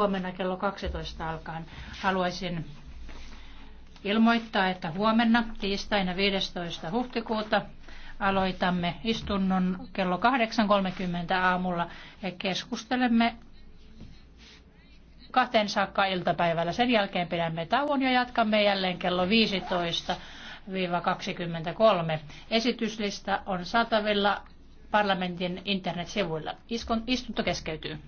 huomenna kello 12 alkaen. Haluaisin ilmoittaa, että huomenna tiistaina 15. huhtikuuta aloitamme istunnon kello 8.30 aamulla ja keskustelemme kahteen saakka iltapäivällä. Sen jälkeen pidämme tauon ja jatkamme jälleen kello 15. 23. Esityslista on saatavilla parlamentin internetsivuilla. Istunto keskeytyy.